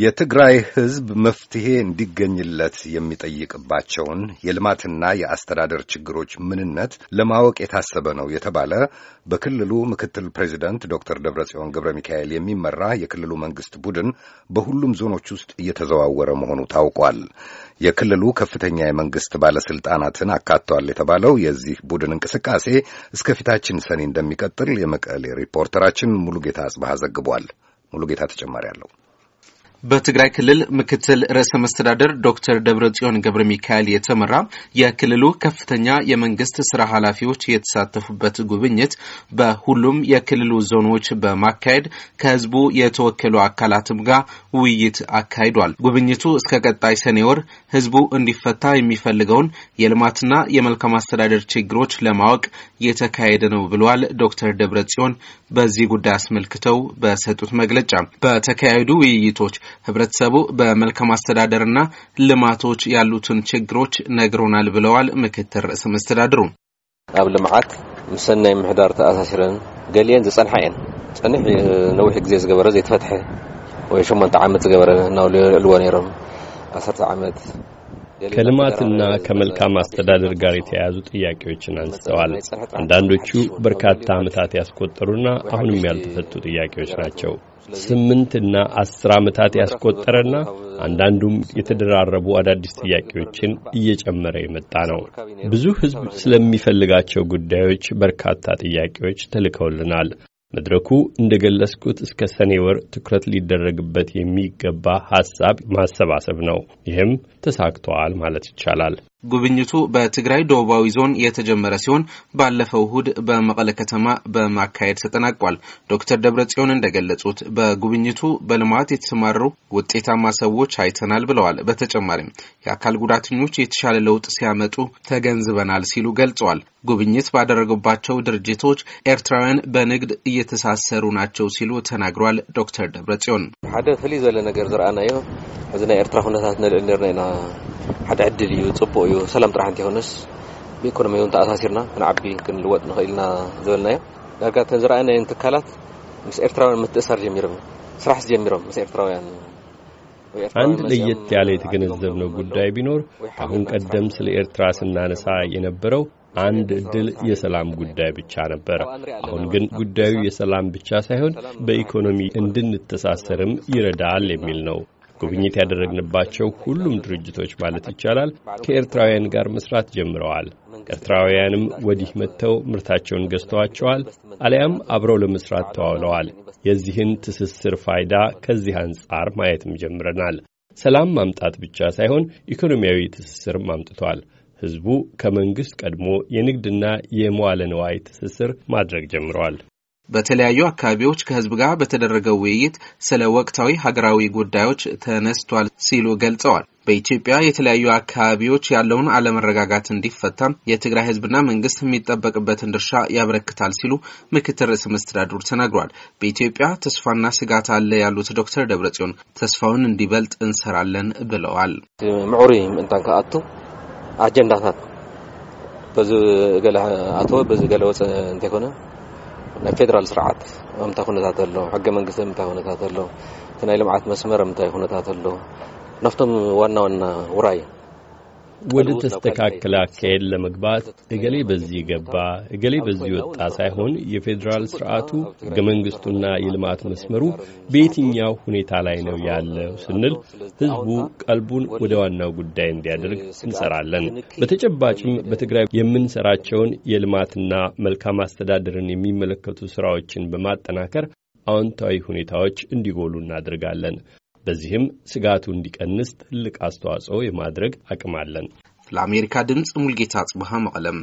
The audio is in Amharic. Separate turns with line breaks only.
የትግራይ ሕዝብ መፍትሄ እንዲገኝለት የሚጠይቅባቸውን የልማትና የአስተዳደር ችግሮች ምንነት ለማወቅ የታሰበ ነው የተባለ በክልሉ ምክትል ፕሬዚደንት ዶክተር ደብረጽዮን ገብረ ሚካኤል የሚመራ የክልሉ መንግስት ቡድን በሁሉም ዞኖች ውስጥ እየተዘዋወረ መሆኑ ታውቋል። የክልሉ ከፍተኛ የመንግስት ባለስልጣናትን አካቷል የተባለው የዚህ ቡድን እንቅስቃሴ እስከፊታችን ሰኔ እንደሚቀጥል የመቀሌ ሪፖርተራችን ሙሉጌታ አጽባሃ ዘግቧል። ሙሉጌታ ተጨማሪ አለው።
በትግራይ ክልል ምክትል ርዕሰ መስተዳደር ዶክተር ደብረ ጽዮን ገብረ ሚካኤል የተመራ የክልሉ ከፍተኛ የመንግስት ስራ ኃላፊዎች የተሳተፉበት ጉብኝት በሁሉም የክልሉ ዞኖች በማካሄድ ከህዝቡ የተወከሉ አካላትም ጋር ውይይት አካሂዷል። ጉብኝቱ እስከ ቀጣይ ሰኔ ወር ህዝቡ እንዲፈታ የሚፈልገውን የልማትና የመልካም አስተዳደር ችግሮች ለማወቅ የተካሄደ ነው ብለዋል። ዶክተር ደብረ ጽዮን በዚህ ጉዳይ አስመልክተው በሰጡት መግለጫ በተካሄዱ ውይይቶች ህብረተሰቡ በመልካም አስተዳደርና ልማቶች ያሉትን ችግሮች ነግሮናል
ብለዋል ምክትል ርእሰ መስተዳድሩ ኣብ ልምዓት ምስ ሰናይ ምሕዳር ተኣሳሲረን ገሊአን ዝፀንሐ እየን ፀኒሕ ነዊሕ ግዜ ዝገበረ ዘይተፈትሐ ወይ 8 ዓመት ዝገበረ እናብልዎ ነይሮም 1 ዓመት ከልማትና
ከመልካም አስተዳደር ጋር የተያያዙ ጥያቄዎችን አንስተዋል። አንዳንዶቹ በርካታ ዓመታት ያስቆጠሩና አሁንም ያልተፈቱ ጥያቄዎች ናቸው። ስምንትና አስር ዓመታት ያስቆጠረና አንዳንዱም የተደራረቡ አዳዲስ ጥያቄዎችን እየጨመረ የመጣ ነው። ብዙ ሕዝብ ስለሚፈልጋቸው ጉዳዮች በርካታ ጥያቄዎች ተልከውልናል። መድረኩ ገለጽኩት እስከ ሰኔ ወር ትኩረት ሊደረግበት የሚገባ ሐሳብ ማሰባሰብ ነው። ይህም ተሳክቷል ማለት ይቻላል። ጉብኝቱ
በትግራይ ደቡባዊ ዞን የተጀመረ ሲሆን ባለፈው እሁድ በመቀለ ከተማ በማካሄድ ተጠናቋል። ዶክተር ደብረጽዮን እንደገለጹት በጉብኝቱ በልማት የተሰማሩ ውጤታማ ሰዎች አይተናል ብለዋል። በተጨማሪም የአካል ጉዳተኞች የተሻለ ለውጥ ሲያመጡ ተገንዝበናል ሲሉ ገልጸዋል። ጉብኝት ባደረጉባቸው ድርጅቶች ኤርትራውያን በንግድ እየተሳሰሩ ናቸው ሲሉ ተናግሯል። ዶክተር ደብረጽዮን
ሓደ ፍልይ ዘለ ነገር ዝረአናዮ እዚ ናይ ኤርትራ ኩነታት ንልዕል ነርና ኢና ሓደ ዕድል እዩ ፅቡቅ እዩ ሰላም ጥራሕ እንተይኮነስ ብኢኮኖሚ እውን ተኣሳሲርና ክንዓቢ ክንልወጥ ንኽእል ኢና ዝበልናዮ ዳርጋ ተዝረኣየናየን ትካላት ምስ ኤርትራውያን ምትእሳር ጀሚሮም እዩ ስራሕ ጀሚሮም ምስ ኤርትራውያን አንድ ለየት ያለ የተገነዘብነው
ጉዳይ ቢኖር ከአሁን ቀደም ስለ ኤርትራ ስናነሳ የነበረው አንድ ዕድል የሰላም ጉዳይ ብቻ ነበረ። አሁን ግን ጉዳዩ የሰላም ብቻ ሳይሆን በኢኮኖሚ እንድንተሳሰርም ይረዳል የሚል ነው። ጉብኝት ያደረግንባቸው ሁሉም ድርጅቶች ማለት ይቻላል ከኤርትራውያን ጋር መስራት ጀምረዋል። ኤርትራውያንም ወዲህ መጥተው ምርታቸውን ገዝተዋቸዋል፣ አሊያም አብረው ለመስራት ተዋውለዋል። የዚህን ትስስር ፋይዳ ከዚህ አንጻር ማየትም ጀምረናል። ሰላም ማምጣት ብቻ ሳይሆን ኢኮኖሚያዊ ትስስርም አምጥቷል። ሕዝቡ ከመንግሥት ቀድሞ የንግድና የመዋለ ንዋይ ትስስር ማድረግ ጀምረዋል። በተለያዩ አካባቢዎች ከህዝብ ጋር በተደረገው ውይይት ስለ ወቅታዊ ሀገራዊ ጉዳዮች
ተነስቷል ሲሉ ገልጸዋል። በኢትዮጵያ የተለያዩ አካባቢዎች ያለውን አለመረጋጋት እንዲፈታም የትግራይ ህዝብና መንግስት የሚጠበቅበትን ድርሻ ያበረክታል ሲሉ ምክትል ርዕሰ መስተዳድሩ ተናግሯል። በኢትዮጵያ ተስፋና ስጋት አለ ያሉት ዶክተር ደብረጽዮን ተስፋውን
እንዲበልጥ እንሰራለን ብለዋል። ምዑሪ ምእንታን ከአቱ አጀንዳታት በዚ ገለ አቶ በዚ ገለ ወፀ እንተይኮነ ናይ ፌደራል ስርዓት ምንታይ ኩነታት ኣሎ ሕገ መንግስቲ ምንታይ ኩነታት ኣሎ እቲ ናይ ልምዓት መስመር ምንታይ
ኩነታት ኣሎ ናፍቶም ዋና ዋና ውራይ ወደ ተስተካከለ አካሄድ ለመግባት እገሌ በዚህ ገባ እገሌ በዚህ ወጣ ሳይሆን የፌዴራል ስርዓቱ ህገ መንግስቱና የልማት መስመሩ በየትኛው ሁኔታ ላይ ነው ያለው ስንል ህዝቡ ቀልቡን ወደ ዋናው ጉዳይ እንዲያደርግ እንሰራለን። በተጨባጭም በትግራይ የምንሰራቸውን የልማትና መልካም አስተዳደርን የሚመለከቱ ስራዎችን በማጠናከር አዎንታዊ ሁኔታዎች እንዲጎሉ እናደርጋለን። በዚህም ስጋቱ እንዲቀንስ ትልቅ አስተዋጽኦ የማድረግ አቅም አለን። ለአሜሪካ ድምፅ ሙልጌታ ጽብሃ መቀለም